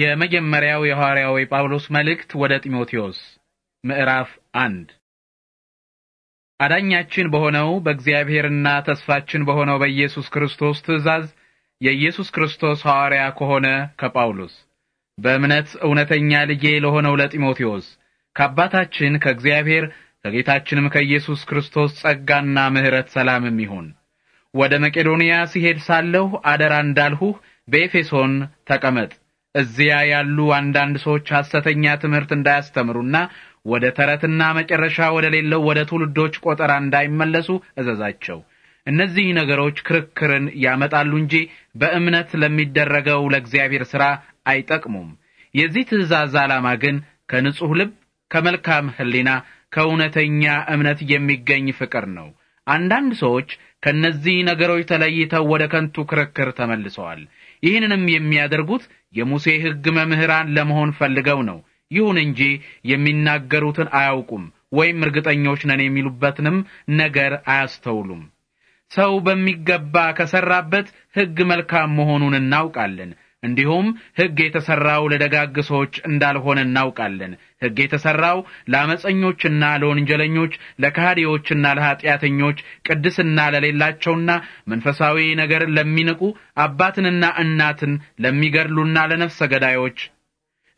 የመጀመሪያው የሐዋርያው የጳውሎስ መልእክት ወደ ጢሞቴዎስ ምዕራፍ አንድ አዳኛችን በሆነው በእግዚአብሔርና ተስፋችን በሆነው በኢየሱስ ክርስቶስ ትእዛዝ የኢየሱስ ክርስቶስ ሐዋርያ ከሆነ ከጳውሎስ በእምነት እውነተኛ ልጄ ለሆነው ለጢሞቴዎስ ከአባታችን ከእግዚአብሔር ከጌታችንም ከኢየሱስ ክርስቶስ ጸጋና ምሕረት ሰላምም ይሁን። ወደ መቄዶንያ ሲሄድ ሳለሁ አደራ እንዳልሁህ በኤፌሶን ተቀመጥ እዚያ ያሉ አንዳንድ ሰዎች ሐሰተኛ ትምህርት እንዳያስተምሩና ወደ ተረትና መጨረሻ ወደ ሌለው ወደ ትውልዶች ቆጠራ እንዳይመለሱ እዘዛቸው። እነዚህ ነገሮች ክርክርን ያመጣሉ እንጂ በእምነት ለሚደረገው ለእግዚአብሔር ሥራ አይጠቅሙም። የዚህ ትእዛዝ ዓላማ ግን ከንጹሕ ልብ፣ ከመልካም ሕሊና፣ ከእውነተኛ እምነት የሚገኝ ፍቅር ነው። አንዳንድ ሰዎች ከእነዚህ ነገሮች ተለይተው ወደ ከንቱ ክርክር ተመልሰዋል። ይህንንም የሚያደርጉት የሙሴ ሕግ መምህራን ለመሆን ፈልገው ነው። ይሁን እንጂ የሚናገሩትን አያውቁም ወይም እርግጠኞች ነን የሚሉበትንም ነገር አያስተውሉም። ሰው በሚገባ ከሰራበት ሕግ መልካም መሆኑን እናውቃለን። እንዲሁም ሕግ የተሠራው ለደጋግ ሰዎች እንዳልሆነ እናውቃለን። ሕግ የተሠራው ለአመፀኞችና ለወንጀለኞች፣ ለካህዲዎችና ለኀጢአተኞች፣ ቅድስና ለሌላቸውና መንፈሳዊ ነገር ለሚንቁ፣ አባትንና እናትን ለሚገድሉና ለነፍሰ ገዳዮች፣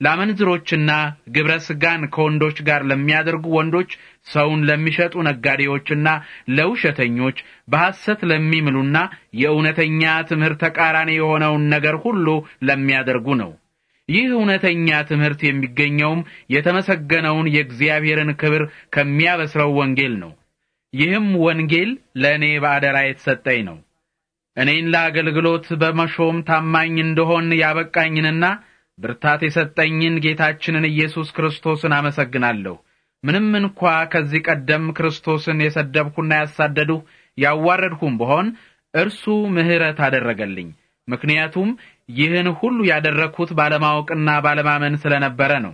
ለአመንዝሮችና ግብረ ሥጋን ከወንዶች ጋር ለሚያደርጉ ወንዶች ሰውን ለሚሸጡ ነጋዴዎችና ለውሸተኞች በሐሰት ለሚምሉና የእውነተኛ ትምህርት ተቃራኒ የሆነውን ነገር ሁሉ ለሚያደርጉ ነው። ይህ እውነተኛ ትምህርት የሚገኘውም የተመሰገነውን የእግዚአብሔርን ክብር ከሚያበስረው ወንጌል ነው። ይህም ወንጌል ለእኔ በአደራ የተሰጠኝ ነው። እኔን ለአገልግሎት በመሾም ታማኝ እንደሆን ያበቃኝንና ብርታት የሰጠኝን ጌታችንን ኢየሱስ ክርስቶስን አመሰግናለሁ። ምንም እንኳ ከዚህ ቀደም ክርስቶስን የሰደብሁና ያሳደድሁ ያዋረድሁም ብሆን እርሱ ምሕረት አደረገልኝ። ምክንያቱም ይህን ሁሉ ያደረግሁት ባለማወቅና ባለማመን ስለነበረ ነው።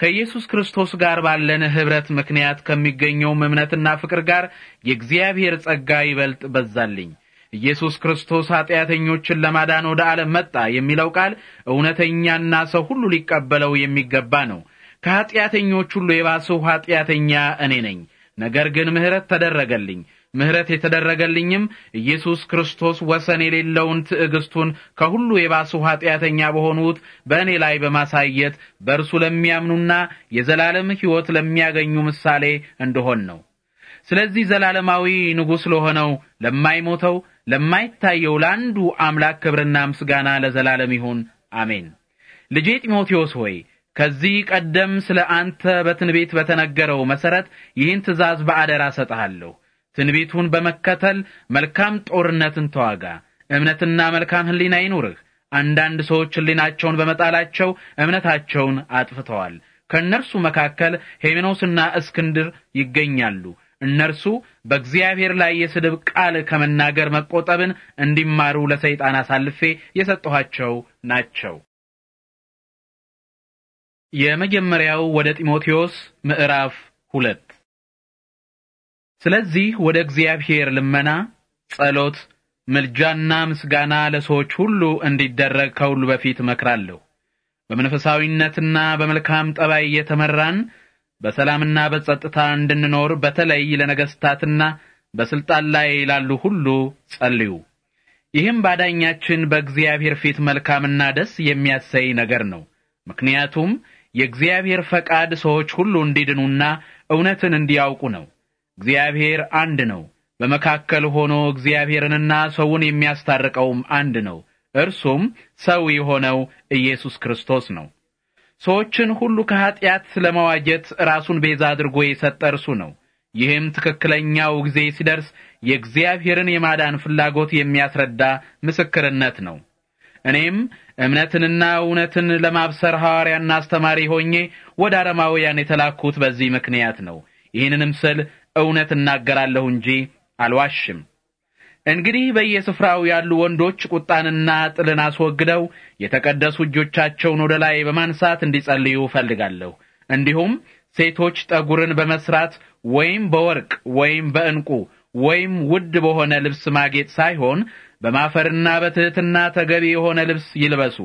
ከኢየሱስ ክርስቶስ ጋር ባለን ኅብረት ምክንያት ከሚገኘውም እምነትና ፍቅር ጋር የእግዚአብሔር ጸጋ ይበልጥ በዛልኝ። ኢየሱስ ክርስቶስ ኀጢአተኞችን ለማዳን ወደ ዓለም መጣ የሚለው ቃል እውነተኛና ሰው ሁሉ ሊቀበለው የሚገባ ነው። ከኀጢአተኞች ሁሉ የባሰው ኀጢአተኛ እኔ ነኝ። ነገር ግን ምሕረት ተደረገልኝ። ምሕረት የተደረገልኝም ኢየሱስ ክርስቶስ ወሰን የሌለውን ትዕግስቱን ከሁሉ የባሱ ኀጢአተኛ በሆኑት በእኔ ላይ በማሳየት በእርሱ ለሚያምኑና የዘላለም ሕይወት ለሚያገኙ ምሳሌ እንደሆን ነው። ስለዚህ ዘላለማዊ ንጉሥ ለሆነው ለማይሞተው፣ ለማይታየው ለአንዱ አምላክ ክብርና ምስጋና ለዘላለም ይሁን፣ አሜን። ልጄ ጢሞቴዎስ ሆይ ከዚህ ቀደም ስለ አንተ በትንቢት በተነገረው መሰረት ይህን ትእዛዝ በአደራ ሰጣለሁ ትንቢቱን በመከተል መልካም ጦርነትን ተዋጋ። እምነትና መልካም ሕሊና ይኑርህ። አንዳንድ ሰዎች ሕሊናቸውን በመጣላቸው እምነታቸውን አጥፍተዋል። ከእነርሱ መካከል ሄሜኖስና እስክንድር ይገኛሉ። እነርሱ በእግዚአብሔር ላይ የስድብ ቃል ከመናገር መቆጠብን እንዲማሩ ለሰይጣን አሳልፌ የሰጠኋቸው ናቸው። የመጀመሪያው ወደ ጢሞቴዎስ ምዕራፍ ሁለት ስለዚህ ወደ እግዚአብሔር ልመና፣ ጸሎት፣ ምልጃና ምስጋና ለሰዎች ሁሉ እንዲደረግ ከሁሉ በፊት እመክራለሁ። በመንፈሳዊነትና በመልካም ጠባይ እየተመራን በሰላምና በጸጥታ እንድንኖር በተለይ ለነገስታትና በስልጣን ላይ ላሉ ሁሉ ጸልዩ። ይህም ባዳኛችን በእግዚአብሔር ፊት መልካምና ደስ የሚያሰይ ነገር ነው። ምክንያቱም የእግዚአብሔር ፈቃድ ሰዎች ሁሉ እንዲድኑና እውነትን እንዲያውቁ ነው። እግዚአብሔር አንድ ነው። በመካከል ሆኖ እግዚአብሔርንና ሰውን የሚያስታርቀውም አንድ ነው። እርሱም ሰው የሆነው ኢየሱስ ክርስቶስ ነው። ሰዎችን ሁሉ ከኀጢአት ለመዋጀት ራሱን ቤዛ አድርጎ የሰጠ እርሱ ነው። ይህም ትክክለኛው ጊዜ ሲደርስ የእግዚአብሔርን የማዳን ፍላጎት የሚያስረዳ ምስክርነት ነው። እኔም እምነትንና እውነትን ለማብሰር ሐዋርያና አስተማሪ ሆኜ ወደ አረማውያን የተላኩት በዚህ ምክንያት ነው። ይህንንም ስል እውነት እናገራለሁ እንጂ አልዋሽም። እንግዲህ በየስፍራው ያሉ ወንዶች ቁጣንና ጥልን አስወግደው የተቀደሱ እጆቻቸውን ወደ ላይ በማንሳት እንዲጸልዩ እፈልጋለሁ። እንዲሁም ሴቶች ጠጉርን በመስራት ወይም በወርቅ ወይም በእንቁ ወይም ውድ በሆነ ልብስ ማጌጥ ሳይሆን በማፈርና በትህትና ተገቢ የሆነ ልብስ ይልበሱ።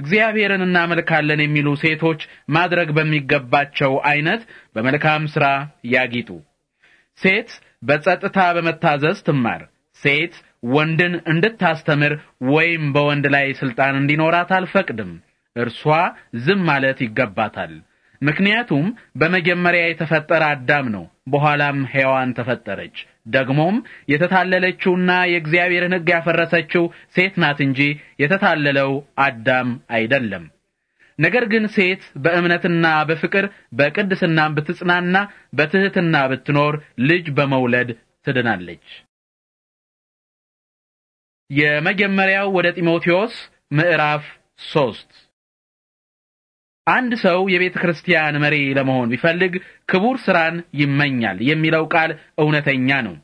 እግዚአብሔርን እናመልካለን የሚሉ ሴቶች ማድረግ በሚገባቸው አይነት በመልካም ሥራ ያጊጡ። ሴት በጸጥታ በመታዘዝ ትማር። ሴት ወንድን እንድታስተምር ወይም በወንድ ላይ ስልጣን እንዲኖራት አልፈቅድም። እርሷ ዝም ማለት ይገባታል። ምክንያቱም በመጀመሪያ የተፈጠረ አዳም ነው፣ በኋላም ሔዋን ተፈጠረች። ደግሞም የተታለለችውና የእግዚአብሔርን ሕግ ያፈረሰችው ሴት ናት እንጂ የተታለለው አዳም አይደለም። ነገር ግን ሴት በእምነትና በፍቅር በቅድስናም ብትጽናና በትህትና ብትኖር ልጅ በመውለድ ትድናለች። የመጀመሪያው ወደ ጢሞቴዎስ ምዕራፍ ሶስት አንድ ሰው የቤተ ክርስቲያን መሪ ለመሆን ቢፈልግ ክቡር ስራን ይመኛል የሚለው ቃል እውነተኛ ነው።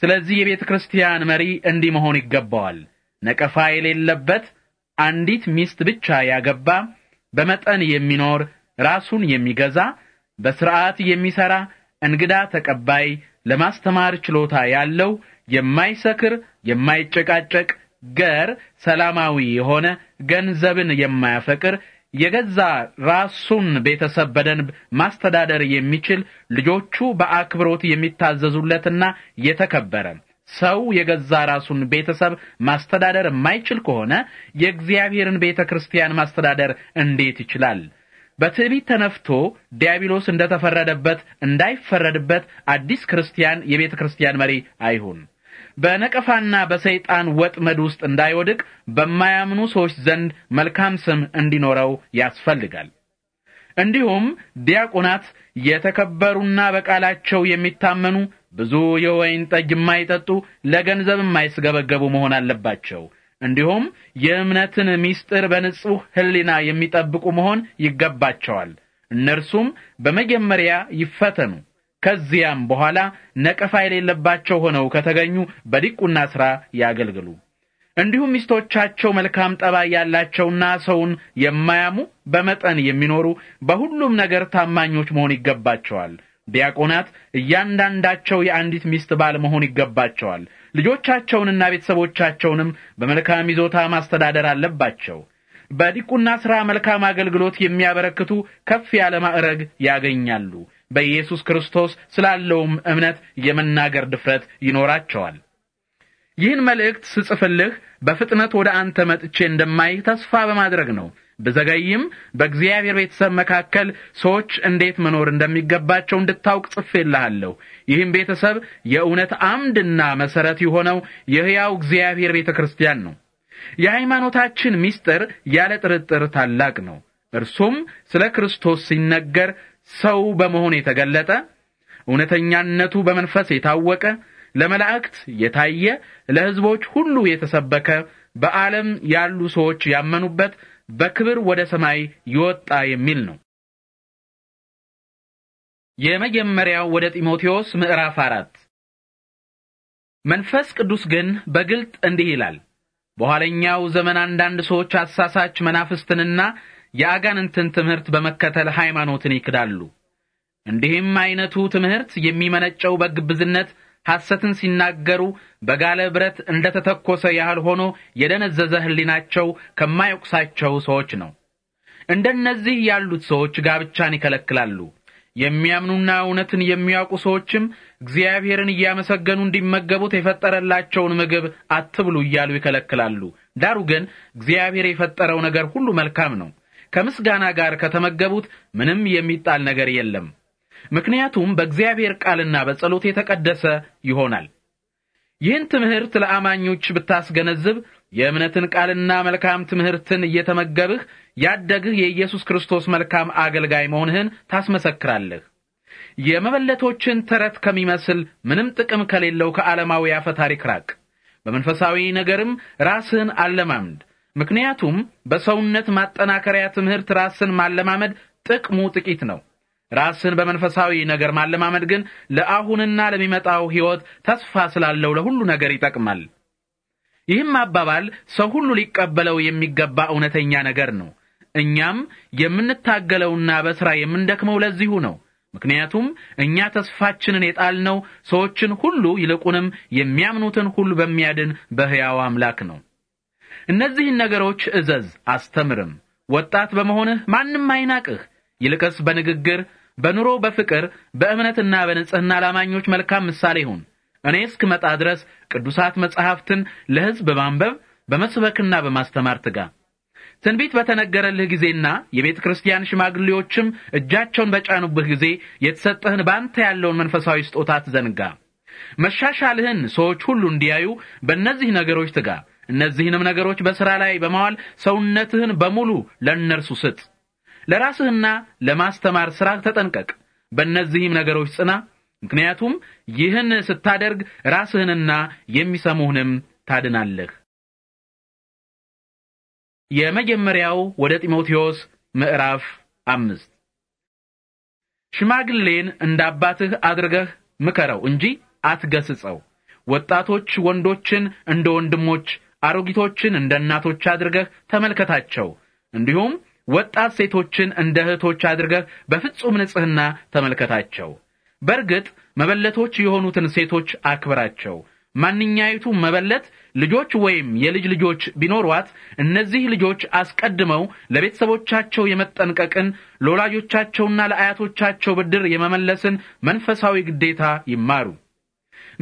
ስለዚህ የቤተ ክርስቲያን መሪ እንዲህ መሆን ይገባዋል። ነቀፋ የሌለበት፣ አንዲት ሚስት ብቻ ያገባ፣ በመጠን የሚኖር፣ ራሱን የሚገዛ፣ በስርዓት የሚሰራ፣ እንግዳ ተቀባይ፣ ለማስተማር ችሎታ ያለው፣ የማይሰክር፣ የማይጨቃጨቅ፣ ገር፣ ሰላማዊ የሆነ፣ ገንዘብን የማያፈቅር የገዛ ራሱን ቤተሰብ በደንብ ማስተዳደር የሚችል ልጆቹ በአክብሮት የሚታዘዙለትና የተከበረ ሰው የገዛ ራሱን ቤተሰብ ማስተዳደር የማይችል ከሆነ የእግዚአብሔርን ቤተ ክርስቲያን ማስተዳደር እንዴት ይችላል? በትዕቢት ተነፍቶ ዲያብሎስ እንደተፈረደበት እንዳይፈረድበት አዲስ ክርስቲያን የቤተ ክርስቲያን መሪ አይሁን። በነቀፋና በሰይጣን ወጥመድ ውስጥ እንዳይወድቅ በማያምኑ ሰዎች ዘንድ መልካም ስም እንዲኖረው ያስፈልጋል። እንዲሁም ዲያቆናት የተከበሩና በቃላቸው የሚታመኑ ብዙ የወይን ጠጅ የማይጠጡ ለገንዘብ የማይስገበገቡ መሆን አለባቸው። እንዲሁም የእምነትን ምስጢር በንጹሕ ሕሊና የሚጠብቁ መሆን ይገባቸዋል። እነርሱም በመጀመሪያ ይፈተኑ፣ ከዚያም በኋላ ነቀፋ የሌለባቸው ሆነው ከተገኙ በዲቁና ሥራ ያገልግሉ። እንዲሁም ሚስቶቻቸው መልካም ጠባይ ያላቸውና ሰውን የማያሙ በመጠን የሚኖሩ በሁሉም ነገር ታማኞች መሆን ይገባቸዋል። ዲያቆናት እያንዳንዳቸው የአንዲት ሚስት ባል መሆን ይገባቸዋል። ልጆቻቸውንና ቤተሰቦቻቸውንም በመልካም ይዞታ ማስተዳደር አለባቸው። በዲቁና ሥራ መልካም አገልግሎት የሚያበረክቱ ከፍ ያለ ማዕረግ ያገኛሉ። በኢየሱስ ክርስቶስ ስላለውም እምነት የመናገር ድፍረት ይኖራቸዋል። ይህን መልእክት ስጽፍልህ በፍጥነት ወደ አንተ መጥቼ እንደማይህ ተስፋ በማድረግ ነው። ብዘገይም በእግዚአብሔር ቤተሰብ መካከል ሰዎች እንዴት መኖር እንደሚገባቸው እንድታውቅ ጽፌልሃለሁ። ይህም ቤተሰብ የእውነት አምድና መሰረት የሆነው የሕያው እግዚአብሔር ቤተ ክርስቲያን ነው። የሃይማኖታችን ምስጢር ያለ ጥርጥር ታላቅ ነው። እርሱም ስለ ክርስቶስ ሲነገር ሰው በመሆን የተገለጠ እውነተኛነቱ በመንፈስ የታወቀ ለመላእክት የታየ ለሕዝቦች ሁሉ የተሰበከ በዓለም ያሉ ሰዎች ያመኑበት በክብር ወደ ሰማይ ይወጣ የሚል ነው። የመጀመሪያው ወደ ጢሞቴዎስ ምዕራፍ አራት መንፈስ ቅዱስ ግን በግልጥ እንዲህ ይላል በኋለኛው ዘመን አንዳንድ ሰዎች አሳሳች መናፍስትንና የአጋንንትን ትምህርት በመከተል ሃይማኖትን ይክዳሉ። እንዲህም አይነቱ ትምህርት የሚመነጨው በግብዝነት ሐሰትን ሲናገሩ በጋለ ብረት እንደ ተተኮሰ ያህል ሆኖ የደነዘዘ ሕሊናቸው ከማይወቅሳቸው ሰዎች ነው። እንደነዚህ ያሉት ሰዎች ጋብቻን ይከለክላሉ። የሚያምኑና እውነትን የሚያውቁ ሰዎችም እግዚአብሔርን እያመሰገኑ እንዲመገቡት የፈጠረላቸውን ምግብ አትብሉ እያሉ ይከለክላሉ። ዳሩ ግን እግዚአብሔር የፈጠረው ነገር ሁሉ መልካም ነው። ከምስጋና ጋር ከተመገቡት ምንም የሚጣል ነገር የለም። ምክንያቱም በእግዚአብሔር ቃልና በጸሎት የተቀደሰ ይሆናል። ይህን ትምህርት ለአማኞች ብታስገነዝብ የእምነትን ቃልና መልካም ትምህርትን እየተመገብህ ያደግህ የኢየሱስ ክርስቶስ መልካም አገልጋይ መሆንህን ታስመሰክራለህ። የመበለቶችን ተረት ከሚመስል ምንም ጥቅም ከሌለው ከዓለማዊ አፈ ታሪክ ራቅ። በመንፈሳዊ ነገርም ራስህን አለማምድ። ምክንያቱም በሰውነት ማጠናከሪያ ትምህርት ራስን ማለማመድ ጥቅሙ ጥቂት ነው። ራስን በመንፈሳዊ ነገር ማለማመድ ግን ለአሁንና ለሚመጣው ሕይወት ተስፋ ስላለው ለሁሉ ነገር ይጠቅማል። ይህም አባባል ሰው ሁሉ ሊቀበለው የሚገባ እውነተኛ ነገር ነው። እኛም የምንታገለውና በሥራ የምንደክመው ለዚሁ ነው። ምክንያቱም እኛ ተስፋችንን የጣልነው ሰዎችን ሁሉ ይልቁንም የሚያምኑትን ሁሉ በሚያድን በሕያው አምላክ ነው። እነዚህን ነገሮች እዘዝ አስተምርም። ወጣት በመሆንህ ማንም አይናቅህ። ይልቅስ በንግግር በኑሮ በፍቅር በእምነትና በንጽህና ላማኞች መልካም ምሳሌ ሁን። እኔ እስክመጣ ድረስ ቅዱሳት መጻሕፍትን ለሕዝብ በማንበብ በመስበክና በማስተማር ትጋ። ትንቢት በተነገረልህ ጊዜና የቤተ ክርስቲያን ሽማግሌዎችም እጃቸውን በጫኑብህ ጊዜ የተሰጠህን በአንተ ያለውን መንፈሳዊ ስጦታ ትዘንጋ መሻሻልህን ሰዎች ሁሉ እንዲያዩ በእነዚህ ነገሮች ትጋ። እነዚህንም ነገሮች በሥራ ላይ በማዋል ሰውነትህን በሙሉ ለእነርሱ ስጥ። ለራስህና ለማስተማር ሥራ ተጠንቀቅ፣ በእነዚህም ነገሮች ጽና። ምክንያቱም ይህን ስታደርግ ራስህንና የሚሰሙህንም ታድናለህ። የመጀመሪያው ወደ ጢሞቴዎስ ምዕራፍ አምስት ሽማግሌን እንደ አባትህ አድርገህ ምከረው እንጂ አትገስጸው። ወጣቶች ወንዶችን እንደ ወንድሞች አሮጊቶችን እንደ እናቶች አድርገህ ተመልከታቸው። እንዲሁም ወጣት ሴቶችን እንደ እህቶች አድርገህ በፍጹም ንጽሕና ተመልከታቸው። በእርግጥ መበለቶች የሆኑትን ሴቶች አክብራቸው። ማንኛይቱ መበለት ልጆች ወይም የልጅ ልጆች ቢኖሯት እነዚህ ልጆች አስቀድመው ለቤተሰቦቻቸው የመጠንቀቅን ለወላጆቻቸውና ለአያቶቻቸው ብድር የመመለስን መንፈሳዊ ግዴታ ይማሩ።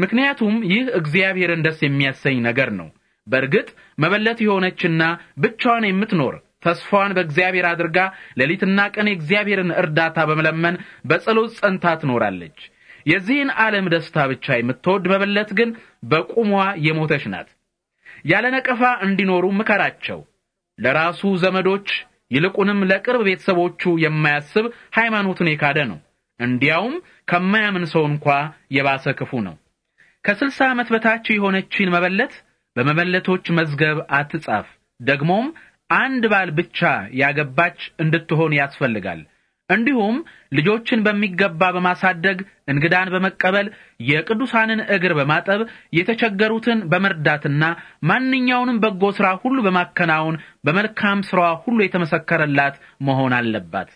ምክንያቱም ይህ እግዚአብሔርን ደስ የሚያሰኝ ነገር ነው። በእርግጥ መበለት የሆነችና ብቻዋን የምትኖር ተስፋዋን በእግዚአብሔር አድርጋ ሌሊትና ቀን የእግዚአብሔርን እርዳታ በመለመን በጸሎት ጸንታ ትኖራለች። የዚህን ዓለም ደስታ ብቻ የምትወድ መበለት ግን በቁሟ የሞተች ናት። ያለ ነቀፋ እንዲኖሩ ምከራቸው። ለራሱ ዘመዶች ይልቁንም ለቅርብ ቤተሰቦቹ የማያስብ ሃይማኖትን የካደ ነው። እንዲያውም ከማያምን ሰው እንኳ የባሰ ክፉ ነው። ከስልሳ ዓመት በታች የሆነችን መበለት በመበለቶች መዝገብ አትጻፍ። ደግሞም አንድ ባል ብቻ ያገባች እንድትሆን ያስፈልጋል። እንዲሁም ልጆችን በሚገባ በማሳደግ እንግዳን በመቀበል የቅዱሳንን እግር በማጠብ የተቸገሩትን በመርዳትና ማንኛውንም በጎ ሥራ ሁሉ በማከናወን በመልካም ሥራዋ ሁሉ የተመሰከረላት መሆን አለባት።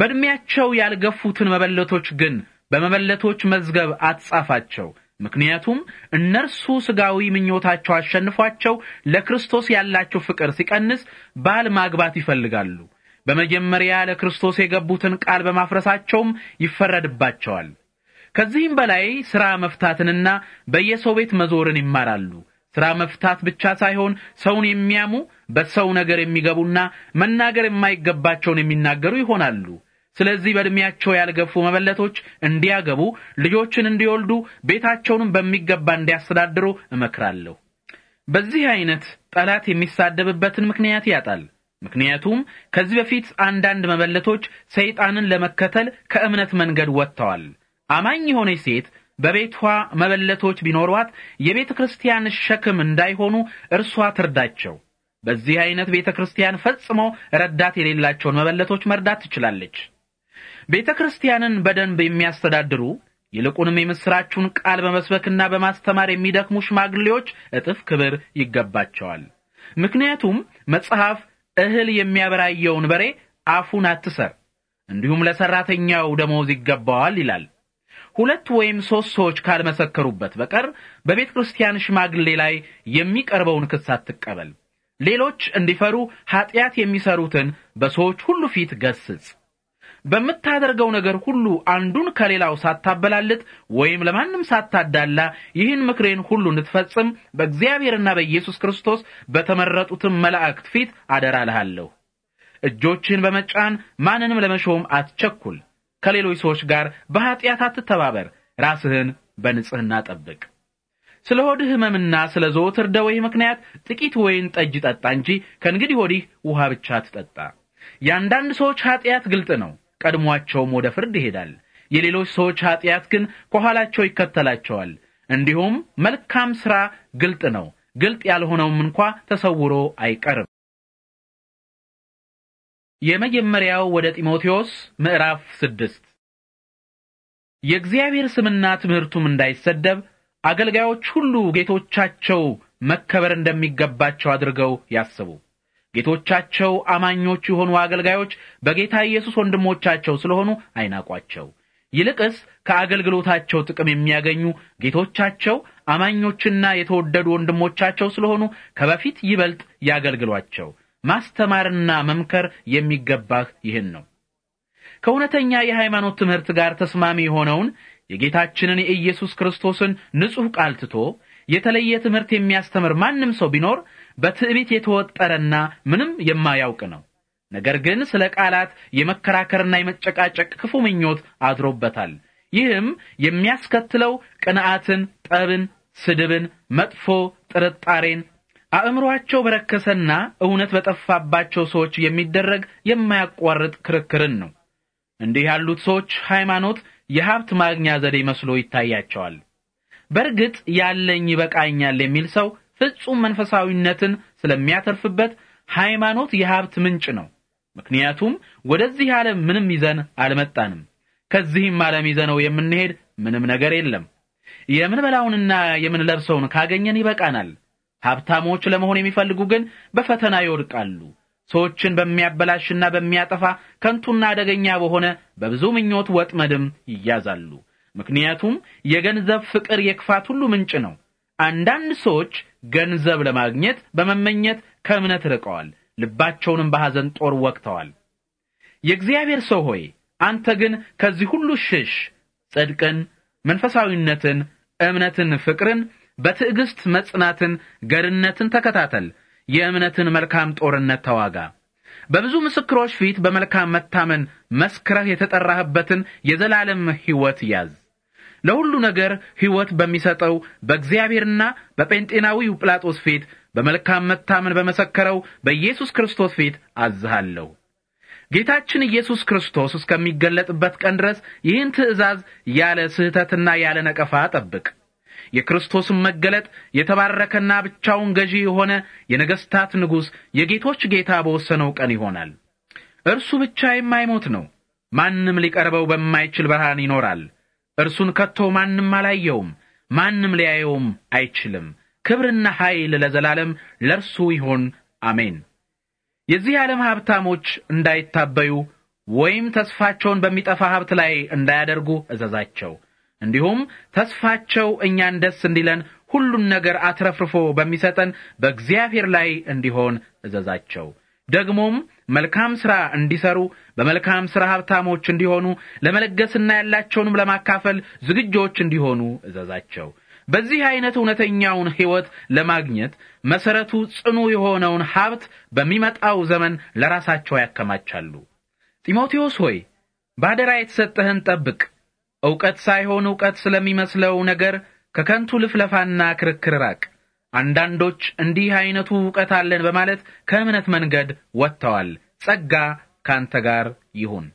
በዕድሜያቸው ያልገፉትን መበለቶች ግን በመበለቶች መዝገብ አትጻፋቸው። ምክንያቱም እነርሱ ስጋዊ ምኞታቸው አሸንፏቸው ለክርስቶስ ያላቸው ፍቅር ሲቀንስ ባል ማግባት ይፈልጋሉ። በመጀመሪያ ለክርስቶስ የገቡትን ቃል በማፍረሳቸውም ይፈረድባቸዋል። ከዚህም በላይ ሥራ መፍታትንና በየሰው ቤት መዞርን ይማራሉ። ሥራ መፍታት ብቻ ሳይሆን ሰውን የሚያሙ በሰው ነገር የሚገቡና መናገር የማይገባቸውን የሚናገሩ ይሆናሉ። ስለዚህ በእድሜያቸው ያልገፉ መበለቶች እንዲያገቡ፣ ልጆችን እንዲወልዱ፣ ቤታቸውንም በሚገባ እንዲያስተዳድሩ እመክራለሁ። በዚህ አይነት ጠላት የሚሳደብበትን ምክንያት ያጣል። ምክንያቱም ከዚህ በፊት አንዳንድ መበለቶች ሰይጣንን ለመከተል ከእምነት መንገድ ወጥተዋል። አማኝ የሆነች ሴት በቤቷ መበለቶች ቢኖሯት የቤተ ክርስቲያን ሸክም እንዳይሆኑ እርሷ ትርዳቸው። በዚህ አይነት ቤተ ክርስቲያን ፈጽሞ ረዳት የሌላቸውን መበለቶች መርዳት ትችላለች። ቤተ ክርስቲያንን በደንብ የሚያስተዳድሩ ይልቁንም የምሥራቹን ቃል በመስበክና በማስተማር የሚደክሙ ሽማግሌዎች እጥፍ ክብር ይገባቸዋል። ምክንያቱም መጽሐፍ እህል የሚያበራየውን በሬ አፉን አትሰር፣ እንዲሁም ለሠራተኛው ደሞዝ ይገባዋል ይላል። ሁለት ወይም ሦስት ሰዎች ካልመሰከሩበት በቀር በቤተ ክርስቲያን ሽማግሌ ላይ የሚቀርበውን ክስ አትቀበል። ሌሎች እንዲፈሩ ኀጢአት የሚሠሩትን በሰዎች ሁሉ ፊት ገስጽ። በምታደርገው ነገር ሁሉ አንዱን ከሌላው ሳታበላልጥ ወይም ለማንም ሳታዳላ ይህን ምክሬን ሁሉ እንድትፈጽም በእግዚአብሔርና በኢየሱስ ክርስቶስ በተመረጡትም መላእክት ፊት አደራ እጆችን በመጫን ማንንም ለመሾም አትቸኩል። ከሌሎች ሰዎች ጋር በኀጢአት አትተባበር። ራስህን በንጽህና ጠብቅ። ስለ ሆድ ሕመምና ስለ ዘወትር ደዌህ ምክንያት ጥቂት ወይን ጠጅ ጠጣ እንጂ ከእንግዲህ ወዲህ ውሃ ብቻ ትጠጣ። የአንዳንድ ሰዎች ኀጢአት ግልጥ ነው። ቀድሟቸውም ወደ ፍርድ ይሄዳል። የሌሎች ሰዎች ኀጢአት ግን ከኋላቸው ይከተላቸዋል። እንዲሁም መልካም ሥራ ግልጥ ነው፣ ግልጥ ያልሆነውም እንኳ ተሰውሮ አይቀርም። የመጀመሪያው ወደ ጢሞቴዎስ ምዕራፍ ስድስት የእግዚአብሔር ስምና ትምህርቱም እንዳይሰደብ አገልጋዮች ሁሉ ጌቶቻቸው መከበር እንደሚገባቸው አድርገው ያስቡ። ጌቶቻቸው አማኞች የሆኑ አገልጋዮች በጌታ ኢየሱስ ወንድሞቻቸው ስለሆኑ አይናቋቸው። ይልቅስ ከአገልግሎታቸው ጥቅም የሚያገኙ ጌቶቻቸው አማኞችና የተወደዱ ወንድሞቻቸው ስለሆኑ ከበፊት ይበልጥ ያገልግሏቸው። ማስተማርና መምከር የሚገባህ ይህን ነው። ከእውነተኛ የሃይማኖት ትምህርት ጋር ተስማሚ የሆነውን የጌታችንን የኢየሱስ ክርስቶስን ንጹሕ ቃል ትቶ የተለየ ትምህርት የሚያስተምር ማንም ሰው ቢኖር በትዕቢት የተወጠረና ምንም የማያውቅ ነው። ነገር ግን ስለ ቃላት የመከራከርና የመጨቃጨቅ ክፉ ምኞት አድሮበታል። ይህም የሚያስከትለው ቅንዓትን፣ ጠብን፣ ስድብን፣ መጥፎ ጥርጣሬን አእምሮአቸው በረከሰና እውነት በጠፋባቸው ሰዎች የሚደረግ የማያቋርጥ ክርክርን ነው። እንዲህ ያሉት ሰዎች ሃይማኖት የሀብት ማግኛ ዘዴ መስሎ ይታያቸዋል። በእርግጥ ያለኝ ይበቃኛል የሚል ሰው ፍጹም መንፈሳዊነትን ስለሚያተርፍበት ሃይማኖት የሀብት ምንጭ ነው። ምክንያቱም ወደዚህ ዓለም ምንም ይዘን አልመጣንም። ከዚህም ዓለም ይዘነው የምንሄድ ምንም ነገር የለም። የምንበላውንና የምንለብሰውን ካገኘን ይበቃናል። ሀብታሞች ለመሆን የሚፈልጉ ግን በፈተና ይወድቃሉ። ሰዎችን በሚያበላሽና በሚያጠፋ ከንቱና አደገኛ በሆነ በብዙ ምኞት ወጥመድም ይያዛሉ። ምክንያቱም የገንዘብ ፍቅር የክፋት ሁሉ ምንጭ ነው። አንዳንድ ሰዎች ገንዘብ ለማግኘት በመመኘት ከእምነት ርቀዋል፣ ልባቸውንም በሐዘን ጦር ወቅተዋል። የእግዚአብሔር ሰው ሆይ አንተ ግን ከዚህ ሁሉ ሽሽ። ጽድቅን፣ መንፈሳዊነትን፣ እምነትን፣ ፍቅርን፣ በትዕግስት መጽናትን፣ ገርነትን ተከታተል። የእምነትን መልካም ጦርነት ተዋጋ። በብዙ ምስክሮች ፊት በመልካም መታመን መስክረህ የተጠራህበትን የዘላለም ሕይወት ያዝ። ለሁሉ ነገር ሕይወት በሚሰጠው በእግዚአብሔርና በጴንጤናዊው ጲላጦስ ፊት በመልካም መታመን በመሰከረው በኢየሱስ ክርስቶስ ፊት አዝሃለሁ። ጌታችን ኢየሱስ ክርስቶስ እስከሚገለጥበት ቀን ድረስ ይህን ትእዛዝ ያለ ስህተትና ያለ ነቀፋ ጠብቅ። የክርስቶስን መገለጥ የተባረከና ብቻውን ገዢ የሆነ የነገሥታት ንጉሥ የጌቶች ጌታ በወሰነው ቀን ይሆናል። እርሱ ብቻ የማይሞት ነው። ማንም ሊቀርበው በማይችል ብርሃን ይኖራል። እርሱን ከቶ ማንም አላየውም፣ ማንም ሊያየውም አይችልም። ክብርና ኃይል ለዘላለም ለርሱ ይሆን፣ አሜን። የዚህ ዓለም ሀብታሞች እንዳይታበዩ ወይም ተስፋቸውን በሚጠፋ ሀብት ላይ እንዳያደርጉ እዘዛቸው። እንዲሁም ተስፋቸው እኛን ደስ እንዲለን ሁሉን ነገር አትረፍርፎ በሚሰጠን በእግዚአብሔር ላይ እንዲሆን እዘዛቸው። ደግሞም መልካም ሥራ እንዲሰሩ በመልካም ሥራ ሀብታሞች እንዲሆኑ ለመለገስና ያላቸውንም ለማካፈል ዝግጆች እንዲሆኑ እዘዛቸው። በዚህ አይነት እውነተኛውን ሕይወት ለማግኘት መሰረቱ ጽኑ የሆነውን ሀብት በሚመጣው ዘመን ለራሳቸው ያከማቻሉ። ጢሞቴዎስ ሆይ ባደራ የተሰጠህን ጠብቅ። ዕውቀት ሳይሆን ዕውቀት ስለሚመስለው ነገር ከከንቱ ልፍለፋና ክርክር ራቅ። አንዳንዶች እንዲህ አይነቱ እውቀት አለን በማለት ከእምነት መንገድ ወጥተዋል። ጸጋ ካንተ ጋር ይሁን።